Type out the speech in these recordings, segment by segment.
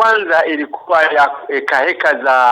kwanza ilikuwa ya heka heka za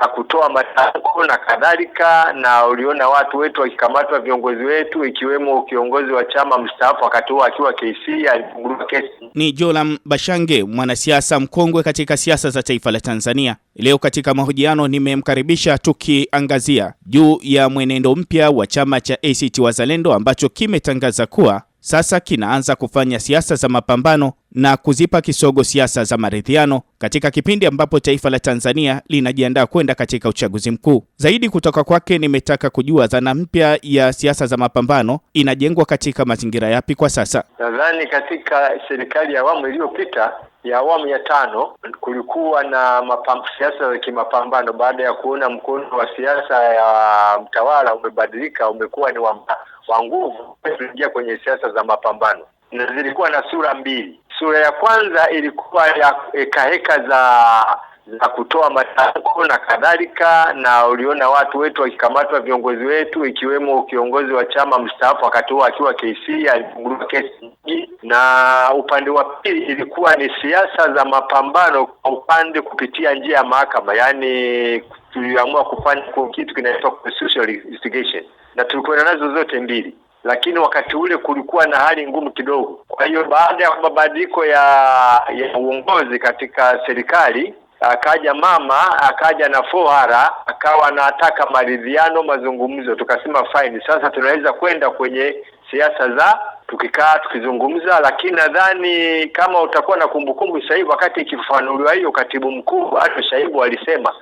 za kutoa matamko na kadhalika, na uliona watu wetu wakikamatwa, viongozi wetu, ikiwemo kiongozi wa chama mstaafu wakati huo akiwa KC alifunguliwa kesi. Ni Joram Bashange, mwanasiasa mkongwe katika siasa za taifa la Tanzania. Leo katika mahojiano nimemkaribisha tukiangazia juu ya mwenendo mpya wa chama cha ACT Wazalendo ambacho kimetangaza kuwa sasa kinaanza kufanya siasa za mapambano na kuzipa kisogo siasa za maridhiano katika kipindi ambapo taifa la Tanzania linajiandaa kwenda katika uchaguzi mkuu. Zaidi kutoka kwake, nimetaka kujua dhana mpya ya siasa za mapambano inajengwa katika mazingira yapi kwa sasa? Nadhani katika serikali ya awamu iliyopita ya awamu ya tano kulikuwa na siasa za kimapambano, baada ya kuona mkono wa siasa ya mtawala umebadilika, umekuwa ni wa kwa nguvu kuingia kwenye siasa za mapambano, na zilikuwa na sura mbili. Sura ya kwanza ilikuwa ya hekaheka za za kutoa matamko na kadhalika, na uliona watu wetu wakikamatwa, viongozi wetu, ikiwemo kiongozi wa chama mstaafu wakati huo akiwa KC alifunguliwa kesi, na upande wa pili ilikuwa ni siasa za mapambano kwa upande kupitia njia ya mahakama, yaani tuliamua kufanya kitu kinaitwa constitutional investigation na tulikuwa nazo zote mbili lakini wakati ule kulikuwa na hali ngumu kidogo. Kwa hiyo baada ya mabadiliko ya, ya uongozi katika serikali akaja mama akaja na fohara akawa anataka maridhiano, mazungumzo. Tukasema fine, sasa tunaweza kwenda kwenye siasa za tukikaa tukizungumza, lakini nadhani kama utakuwa na kumbukumbu sasa hivi, wakati ikifafanuliwa hiyo, katibu mkuu Ado Shaibu alisema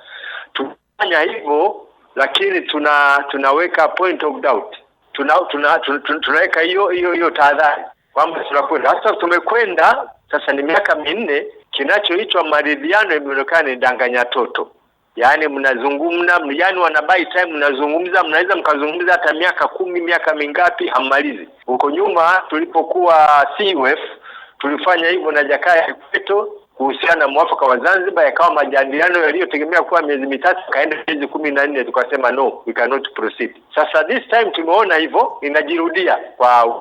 tufanya hivyo lakini tuna tunaweka point of doubt tuna tunaweka tuna, tuna, tuna hiyo hiyo hiyo tahadhari kwamba tunakwenda hasa tumekwenda sasa ni miaka minne kinachoitwa maridhiano imeonekana ni danganya toto yaani mnazungumza yani wanabai time mnazungumza mnaweza mkazungumza hata miaka kumi miaka mingapi hammalizi huko nyuma tulipokuwa CUF tulifanya hivyo na Jakaya Kikwete kuhusiana na mwafaka wa Zanzibar yakawa majadiliano yaliyotegemea kuwa miezi mitatu kaenda miezi kumi na nne tukasema no we cannot proceed. Sasa this time tumeona hivyo inajirudia kwa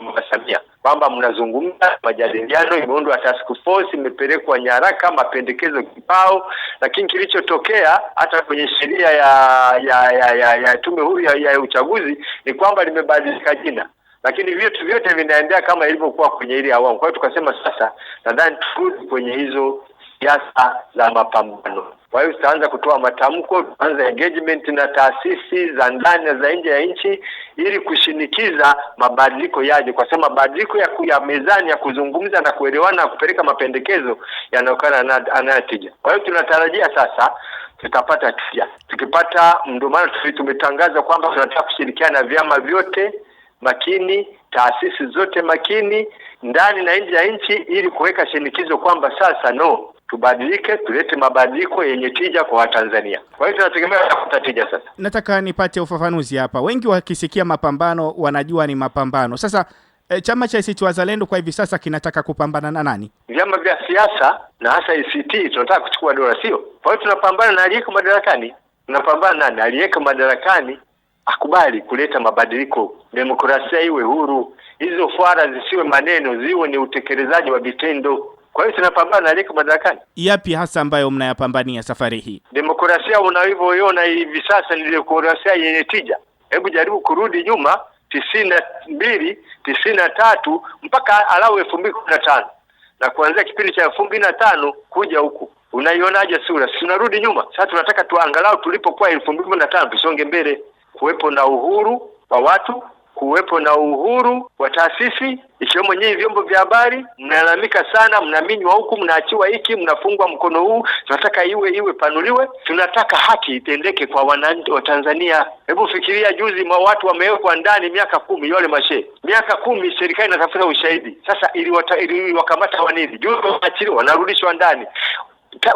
Mama Samia kwamba mnazungumza majadiliano, imeundwa task force, imepelekwa nyaraka, mapendekezo kibao, lakini kilichotokea hata kwenye sheria ya ya ya, ya, ya tume huru ya, ya uchaguzi ni kwamba limebadilika jina lakini vitu vyote vinaendea kama ilivyokuwa kwenye ile awamu. Kwa hiyo tukasema sasa, nadhani turudi kwenye hizo siasa za mapambano. Kwa hiyo tutaanza kutoa matamko, tutaanza engagement na taasisi za ndani na za nje ya nchi ili kushinikiza mabadiliko yaje, kwa sababu mabadiliko ya, ya mezani ya kuzungumza na kuelewana na kupeleka mapendekezo yanayokana anayotija. Kwa hiyo tunatarajia sasa tutapata tija. Tukipata maana tumetangaza kwamba tunataka kushirikiana na vyama vyote makini, taasisi zote makini ndani na nje ya nchi, ili kuweka shinikizo kwamba sasa no tubadilike tulete mabadiliko yenye tija kwa Watanzania. Kwa hiyo tunategemea kutafuta tija sasa. Nataka nipate ufafanuzi hapa. Wengi wakisikia mapambano wanajua ni mapambano. Sasa e, chama cha ACT Wazalendo kwa hivi sasa kinataka kupambana na nani? Vyama vya siasa na hasa ACT tunataka kuchukua dola, sio? Kwa hiyo tunapambana na aliyeko madarakani. Tunapambana nani aliyeko madarakani akubali kuleta mabadiliko, demokrasia iwe huru, hizo fara zisiwe maneno, ziwe ni utekelezaji wa vitendo. Kwa hiyo tunapambana na aliyeko madarakani. Yapi hasa ambayo mnayapambania safari hii? Demokrasia unavyoiona hivi sasa ni demokrasia yenye tija. Hebu jaribu kurudi nyuma tisini na mbili tisini na tatu mpaka alau elfu mbili kumi na tano na kuanzia kipindi cha elfu mbili na tano kuja huku unaionaje sura? Tunarudi nyuma sasa, tunataka tuangalau tulipokuwa elfu mbili kumi na tano tusonge mbele kuwepo na uhuru wa watu, kuwepo na uhuru wa taasisi, ikiwemo nyinyi vyombo vya habari. Mnalalamika sana, mnaminywa huku, mnaachiwa hiki, mnafungwa mkono huu. Tunataka iwe iwe panuliwe, tunataka haki itendeke kwa wananchi wa Tanzania. Hebu fikiria, juzi mwa watu wamewekwa ndani miaka kumi, yale mashe miaka kumi, serikali inatafuta ushahidi sasa, ili wakamata wanini, juzi waachiliwa, wanarudishwa ndani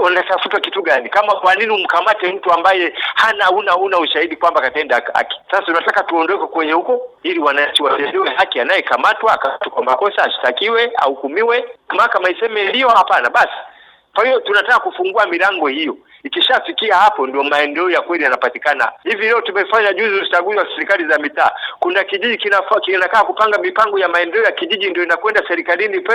unatafuta kitu gani? Kama kwa nini umkamate mtu ambaye hana una una ushahidi kwamba katenda haki? Sasa tunataka tuondoke kwenye huko, ili wananchi watendewe haki, anayekamatwa akamatwe kwa makosa ashtakiwe, ahukumiwe, mahakama iseme ndio, hapana, basi. Kwa hiyo tunataka kufungua milango hiyo. Ikishafikia hapo, ndio maendeleo ya kweli yanapatikana. Hivi leo tumefanya juzi uchaguzi wa serikali za mitaa, kuna kijiji kinafaa kinakaa kupanga mipango ya maendeleo ya kijiji, ndio inakwenda serikalini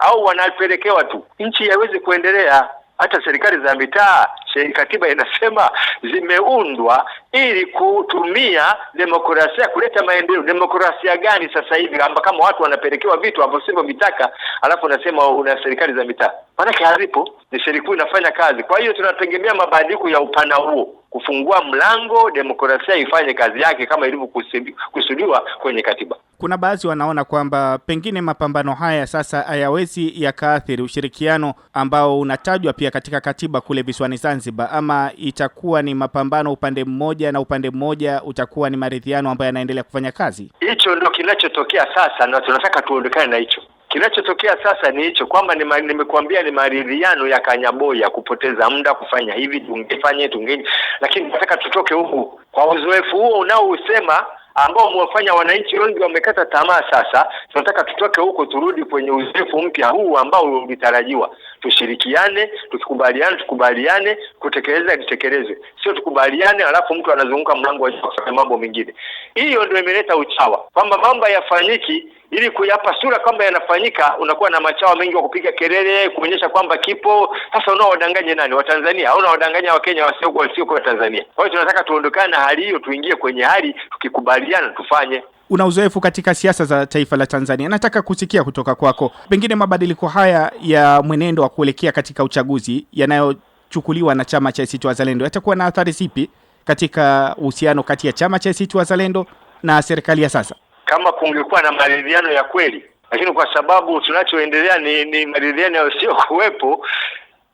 au wanapelekewa tu. Nchi haiwezi kuendelea hata serikali za mitaa katiba inasema zimeundwa ili kutumia demokrasia kuleta maendeleo. Demokrasia gani sasa hivi amba kama watu wanapelekewa vitu ambavyo mitaka alafu unasema una serikali za mitaa? Maanake hazipo, ni serikali inafanya kazi. Kwa hiyo tunategemea mabadiliko ya upana huo, kufungua mlango demokrasia ifanye kazi yake kama ilivyokusudiwa kwenye katiba kuna baadhi wanaona kwamba pengine mapambano haya sasa hayawezi yakaathiri ushirikiano ambao unatajwa pia katika katiba kule visiwani Zanzibar, ama itakuwa ni mapambano upande mmoja na upande mmoja utakuwa ni maridhiano ambayo yanaendelea kufanya kazi. Hicho ndo kinachotokea sasa, na tunataka tuondekane na hicho kinachotokea sasa ni hicho kwamba nimekuambia ni maridhiano ya Kanyaboya, kupoteza muda kufanya hivi tungefanye tungeni, lakini nataka tutoke huku kwa uzoefu huo unaousema ambao umewafanya wananchi wengi wamekata tamaa. Sasa tunataka tutoke huko turudi kwenye uzoefu mpya huu ambao ulitarajiwa tushirikiane, tukikubaliane tukubaliane, kutekeleza tutekeleze, sio tukubaliane alafu mtu anazunguka mlango wa kufanya mambo mengine. Hiyo ndio imeleta uchawa, kwamba mambo yafanyiki ili kuyapa sura kwamba yanafanyika, unakuwa na machawa mengi wa kupiga kelele kuonyesha kwamba kipo. Sasa unaowadanganya nani? Watanzania au unawadanganya Wakenya wasio wasio kwa Tanzania? Kwa hiyo tunataka tuondokane na hali hiyo, tuingie kwenye hali, tukikubaliana tufanye una uzoefu katika siasa za taifa la Tanzania, nataka kusikia kutoka kwako pengine mabadiliko haya ya mwenendo wa kuelekea katika uchaguzi yanayochukuliwa na chama cha ACT Wazalendo yatakuwa na athari zipi katika uhusiano kati ya chama cha ACT Wazalendo na serikali ya sasa, kama kungekuwa na maridhiano ya kweli? Lakini kwa sababu tunachoendelea ni, ni maridhiano kuwepo,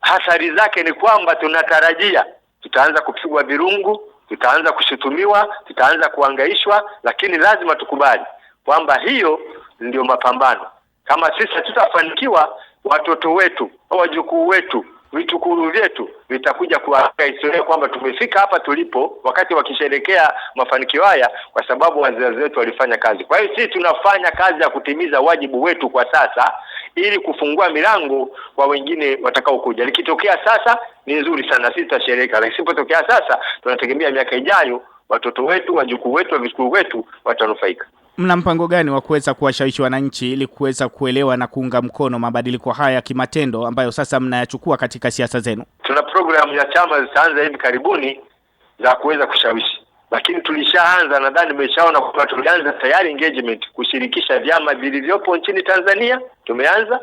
hasari zake ni kwamba tunatarajia tutaanza kupigwa virungu tutaanza kushutumiwa, tutaanza kuangaishwa, lakini lazima tukubali kwamba hiyo ndio mapambano. Kama sisi hatutafanikiwa, watoto wetu, wajukuu wetu vitukuru vyetu vitakuja kuwapea historia kwamba tumefika hapa tulipo, wakati wakisherekea mafanikio haya, kwa sababu wazazi wetu walifanya kazi. Kwa hiyo sisi tunafanya kazi ya kutimiza wajibu wetu kwa sasa, ili kufungua milango kwa wengine watakaokuja. Likitokea sasa ni nzuri sana, sisi tutasherehekea, lakini sipotokea sasa, tunategemea miaka ijayo watoto wetu, wajukuu wetu, wa wetu watanufaika mna mpango gani wa kuweza kuwashawishi wananchi ili kuweza kuelewa na kuunga mkono mabadiliko haya ya kimatendo ambayo sasa mnayachukua katika siasa zenu? Tuna programu ya chama zitaanza hivi karibuni za kuweza kushawishi, lakini tulishaanza, nadhani nimeshaona kwamba tulianza tayari engagement kushirikisha vyama vilivyopo nchini Tanzania. Tumeanza,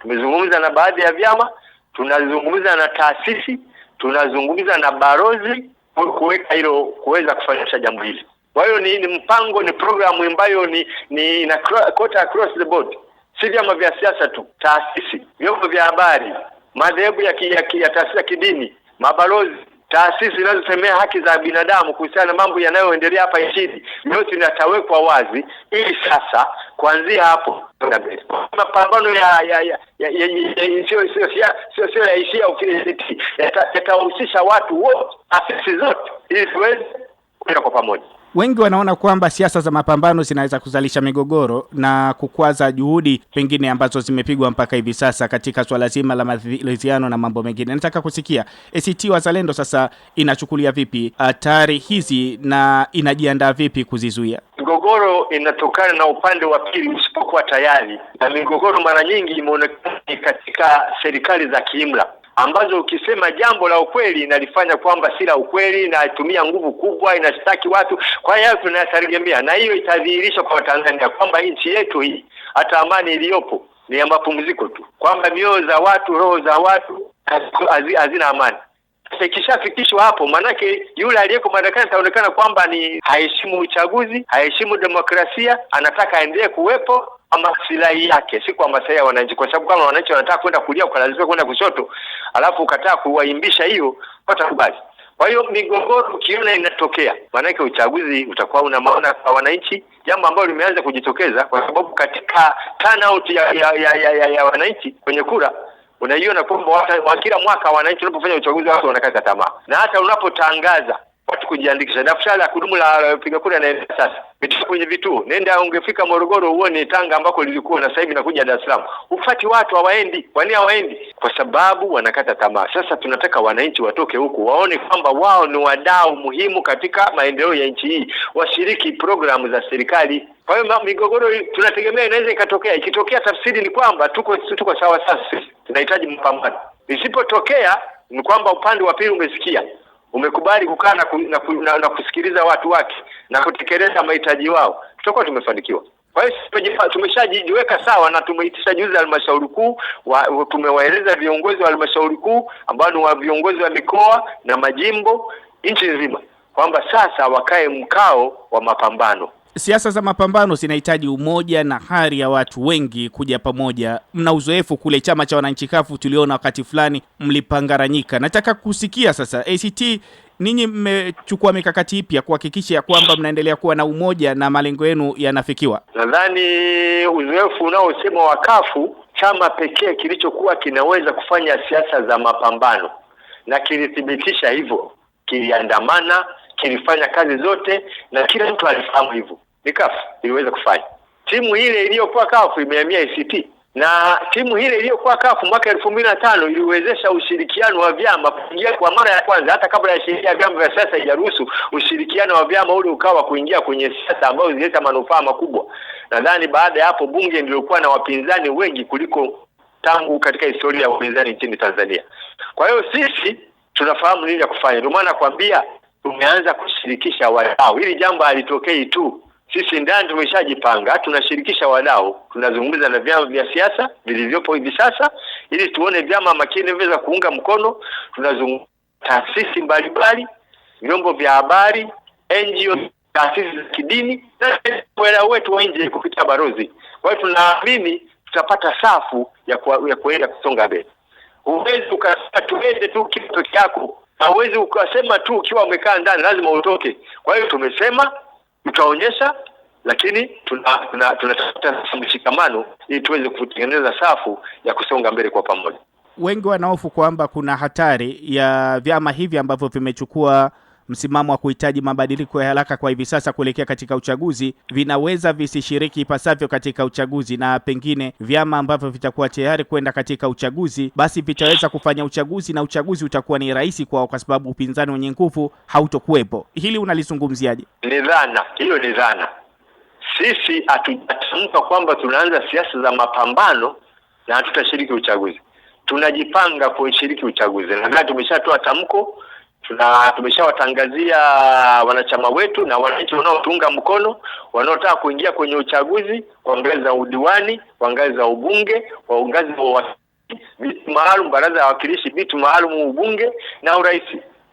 tumezungumza na baadhi ya vyama, tunazungumza na taasisi, tunazungumza na barozi kuweka hilo, kuweza kufanyisha jambo hili. Kwa hiyo ni, ni mpango ni programu ambayo ni, ni ina kota across the board, si vyama vya siasa tu, taasisi, vyombo vya habari, madhehebu ya, ki, ya, ki, ya taasisi ya kidini, mabalozi, taasisi zinazosemea haki za binadamu kuhusiana na mambo yanayoendelea hapa nchini, yote inatawekwa wazi, ili sasa kuanzia hapo mapambano ya ya sio sio yaishia yatahusisha watu wote, taasisi zote, ili tuweze kwenda kwa pamoja. Wengi wanaona kwamba siasa za mapambano zinaweza kuzalisha migogoro na kukwaza juhudi pengine ambazo zimepigwa mpaka hivi sasa katika swala zima la maridhiano na mambo mengine. Nataka kusikia ACT Wazalendo sasa inachukulia vipi hatari hizi na inajiandaa vipi kuzizuia? Migogoro inatokana na upande wa pili usipokuwa tayari, na migogoro mara nyingi imeonekana katika serikali za kiimla ambazo ukisema jambo la ukweli inalifanya kwamba si la ukweli, inatumia nguvu kubwa, inashtaki watu. Kwa hiyo tunayategemea, na hiyo itadhihirisha kwa Watanzania kwamba nchi yetu hii hata amani iliyopo ni ya mapumziko tu, kwamba mioyo za watu, roho za watu hazina amani. kisha ikishafikishwa hapo, maanake yule aliyeko madarakani ataonekana kwamba ni haheshimu uchaguzi, haheshimu demokrasia, anataka aendelee kuwepo kwa yake, si kwa maslahi ya wananchi, kwa sababu kama wananchi wanataka kwenda kulia ukalazimika kwenda kushoto, alafu ukataa kuwaimbisha hiyo, watakubali. Kwa hiyo migogoro ukiona inatokea, maanake uchaguzi utakuwa una maana kwa wananchi, jambo ambalo limeanza kujitokeza, kwa sababu katika turnout ya, ya, ya, ya, ya, ya wananchi kwenye kura unaiona kwamba kila mwaka wananchi wanapofanya uchaguzi watu wanakata tamaa, na hata unapotangaza watu kujiandikisha. Daftari la kudumu la mpiga kura naenda sasa, metisha kwenye vituo, nenda ungefika Morogoro uone Tanga ambako lilikuwa na sasa hivi nakuja Dar es Salaam. Ufati watu hawaendi. Kwa nini hawaendi? Kwa sababu wanakata tamaa. Sasa tunataka wananchi watoke huku waone kwamba wao ni wadau muhimu katika maendeleo ya nchi hii, washiriki programu za serikali. Kwa hiyo migogoro tunategemea inaweza ikatokea. Ikitokea tafsiri ni kwamba tuko tuko sawa, sasa tunahitaji mapambano. Isipotokea ni kwamba upande wa pili umesikia umekubali kukaa na, ku, na, ku, na, na kusikiliza watu wake na kutekeleza mahitaji wao, tutakuwa tumefanikiwa. Kwa hiyo tumeshajiweka sawa na tumeitisha juzi halmashauri kuu, tumewaeleza viongozi wa halmashauri kuu ambao ni wa viongozi wa mikoa na majimbo nchi nzima kwamba sasa wakae mkao wa mapambano siasa za mapambano zinahitaji umoja na hari ya watu wengi kuja pamoja. Mna uzoefu kule chama cha wananchi kafu, tuliona wakati fulani mlipangaranyika. Nataka kusikia sasa, ACT ninyi mmechukua mikakati ipi ya kuhakikisha ya kwamba mnaendelea kuwa na umoja na malengo yenu yanafikiwa? Nadhani uzoefu unaosema wa kafu, chama pekee kilichokuwa kinaweza kufanya siasa za mapambano na kilithibitisha hivyo, kiliandamana kilifanya kazi zote na kila mtu alifahamu hivyo. Ni CAF iliweza kufanya. Timu ile iliyokuwa CAF imehamia ACT na timu ile iliyokuwa kafu mwaka elfu mbili na tano iliwezesha ushirikiano wa vyama kuingia kwa mara ya kwanza, hata kabla ya sheria ya vyama vya siasa haijaruhusu ushirikiano wa vyama ule ukawa kuingia kwenye siasa ambayo zilileta manufaa makubwa. Nadhani baada ya hapo bunge ndiliokuwa na wapinzani wengi kuliko tangu katika historia ya upinzani nchini Tanzania. Kwa hiyo sisi tunafahamu nini ya kufanya, ndio maana nakwambia tumeanza kushirikisha wadau. Hili jambo halitokei tu, sisi ndani tumeshajipanga, tunashirikisha wadau, tunazungumza na vyama vya siasa vilivyopo hivi sasa, ili tuone vyama makini vinaweza kuunga mkono. Tunazungumza taasisi mbalimbali, vyombo vya habari, NGO, taasisi za kidini na wadau wetu wa nje kupitia barozi. Kwa hiyo tunaamini tutapata safu ya, ku, ya kuenda kusonga mbele. Huwezi ukasema tuende tu kitu yako hawezi ukasema tu ukiwa umekaa ndani, lazima utoke. Kwa hiyo tumesema tutaonyesha, lakini tunatafuta tuna, tuna mshikamano ili tuweze kutengeneza safu ya kusonga mbele kwa pamoja. Wengi wanahofu kwamba kuna hatari ya vyama hivi ambavyo vimechukua msimamo wa kuhitaji mabadiliko ya haraka kwa hivi sasa kuelekea katika uchaguzi, vinaweza visishiriki ipasavyo katika uchaguzi, na pengine vyama ambavyo vitakuwa tayari kwenda katika uchaguzi basi vitaweza kufanya uchaguzi na uchaguzi utakuwa ni rahisi kwao, kwa sababu upinzani wenye nguvu hautokuwepo. Hili unalizungumziaje? Ni dhana hiyo, ni dhana. Sisi hatujatamka kwamba tunaanza siasa za mapambano na hatutashiriki uchaguzi tunajipanga kushiriki uchaguzi. Nadhani tumeshatoa tamko na tumeshawatangazia wanachama wetu na wananchi wanaotuunga mkono wanaotaka kuingia kwenye uchaguzi kwa ngazi za udiwani, kwa ngazi za ubunge, kwa ngazi za vitu maalum, baraza ya wawakilishi, vitu maalum, ubunge na urais.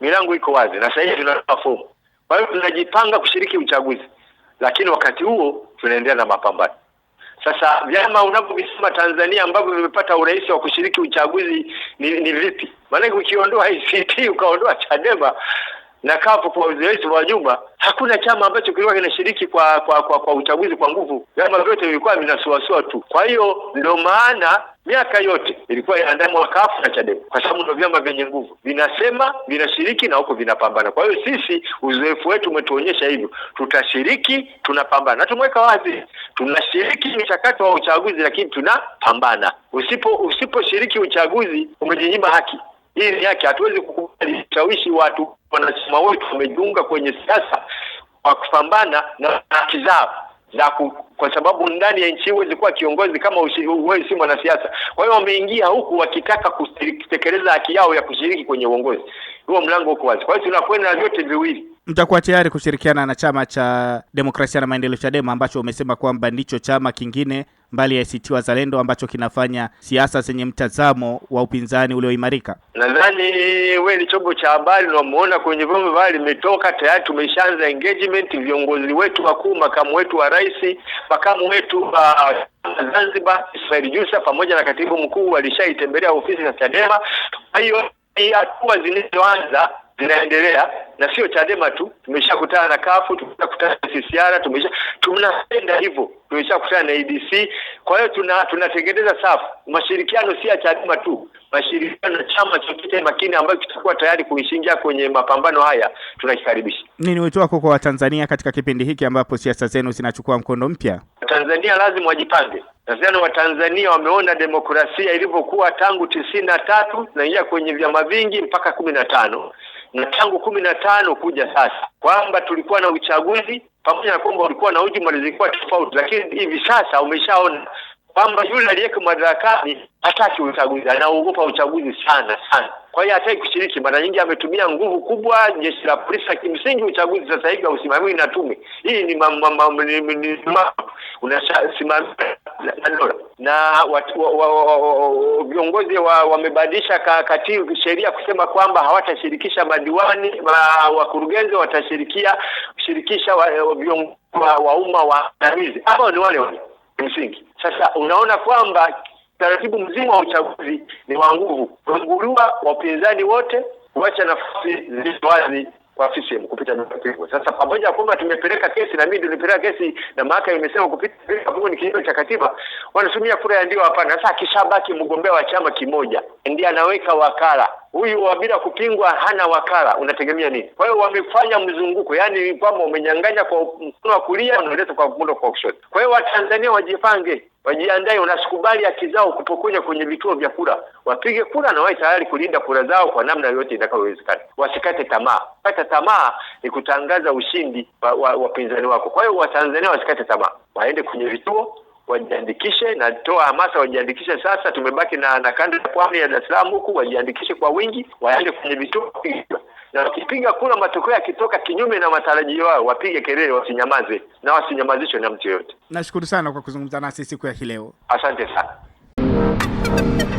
Milango iko wazi na sasa tunatoa fomu. Kwa hiyo tunajipanga kushiriki uchaguzi, lakini wakati huo tunaendelea na mapambano. Sasa vyama unavyovisema Tanzania ambavyo vimepata urahisi wa kushiriki uchaguzi ni, ni vipi? Maanake ukiondoa ACT ukaondoa Chadema na kafu kwa urais wa nyuma, hakuna chama ambacho kilikuwa kinashiriki kwa kwa, kwa kwa uchaguzi kwa nguvu. Vyama vyote vilikuwa vinasuasua tu. Kwa hiyo ndio maana miaka yote ilikuwa inaandamwa kafu na Chadema kwa sababu ndio vyama vyenye nguvu, vinasema vinashiriki na huko vinapambana. Kwa hiyo sisi uzoefu wetu umetuonyesha hivyo, tutashiriki, tunapambana na tumeweka wazi, tunashiriki mchakato wa uchaguzi, lakini tunapambana. Usipo usiposhiriki uchaguzi umejinyima haki. Hii ni haki, hatuwezi kukubali ushawishi watu wanachama wetu wamejiunga kwenye siasa kwa kupambana na haki zao za kwa sababu ndani ya nchi huwezi kuwa kiongozi kama wewe si mwanasiasa. Kwa hiyo wameingia huku wakitaka kutekeleza haki yao ya kushiriki kwenye uongozi. Huo mlango uko wazi, kwa hiyo tunakwenda na vyote viwili. Mtakuwa tayari kushirikiana na chama cha demokrasia na maendeleo, Chadema, ambacho umesema kwamba ndicho chama kingine mbali ya ACT Wazalendo ambacho kinafanya siasa zenye mtazamo wa upinzani ulioimarika? Nadhani we ni chombo cha habari, unamuona kwenye vyombo vya habari imetoka tayari, tumeshaanza engagement, viongozi wetu wakuu, makamu wetu wa rais, makamu wetu wa Zanzibar Ismail Jusa pamoja na katibu mkuu walishaitembelea ofisi za Chadema. Kwa hiyo hatua zinazoanza zinaendelea na sio Chadema tu, tumeshakutana na kafu tumeshakutana na CCR, tumesha tunapenda hivyo, tumeshakutana na ADC. Kwa hiyo tuna tunatengeneza safu. Mashirikiano si ya Chadema tu, mashirikiano na chama chochote makini ambayo kitakuwa tayari kuishingia kwenye mapambano haya, tunakikaribisha. Nini wito wako kwa Watanzania katika kipindi hiki ambapo siasa zenu zinachukua mkondo mpya? Watanzania lazima wajipange. Nadhani Watanzania wameona demokrasia ilivyokuwa tangu tisini na tatu tunaingia kwenye vyama vingi mpaka kumi na tano na tangu kumi na tano kuja sasa kwamba tulikuwa na uchaguzi pamoja na kwamba ulikuwa na hujuma zilikuwa tofauti, lakini hivi sasa umeshaona kwamba yule aliyeko madarakani hataki uchaguzi, anaogopa uchaguzi sana sana. Kwa hiyo hataki kushiriki. Mara nyingi ametumia nguvu kubwa jeshi la polisi. Kimsingi uchaguzi sasa hivi hausimamiwi na tume, hii ni unasimamiwa na dola na viongozi wamebadilisha katika sheria kusema kwamba hawatashirikisha madiwani wakurugenzi, watashirikia shirikisha viongozi wa umma wa waandamizi ambao ni wale wale msingi. Sasa unaona kwamba taratibu mzima wa uchaguzi ni wa nguvu, kuangurua wapinzani wote, kuacha nafasi zilizo wazi kwa CCM kupita mipaka. Sasa pamoja kwamba tumepeleka kesi na mimi nilipeleka kesi na mahakama imesema kupita mipaka ni kinyume cha katiba, wanatumia kura ya ndio hapana. Sasa akishabaki mgombea wa chama kimoja ndiye anaweka wakala huyu bila kupingwa hana wakala unategemea nini kwa hiyo wamefanya mzunguko yani kwamba umenyang'anya kwa mkono wa kulia unaleta kwa mkono wa kushoto kwa hiyo watanzania wajipange wajiandae unasikubali haki zao kupokonya kwenye vituo vya kura wapige kura na wawe tayari kulinda kura zao kwa namna yoyote itakayowezekana wasikate tamaa kata tamaa ni kutangaza ushindi wa wapinzani wa wako kwa hiyo watanzania wasikate tamaa waende kwenye vituo wajiandikishe. na toa hamasa wajiandikishe sasa, tumebaki na na kanda ya pwani ya Dar es Salaam huku, wajiandikishe kwa wingi, waende kwenye vituo na wakipiga kura, matokeo yakitoka kinyume na matarajio yao, wapige kelele, wasinyamaze na wasinyamazishwe na mtu yoyote. Nashukuru sana kwa kuzungumza nasi siku ya hii leo, asante sana.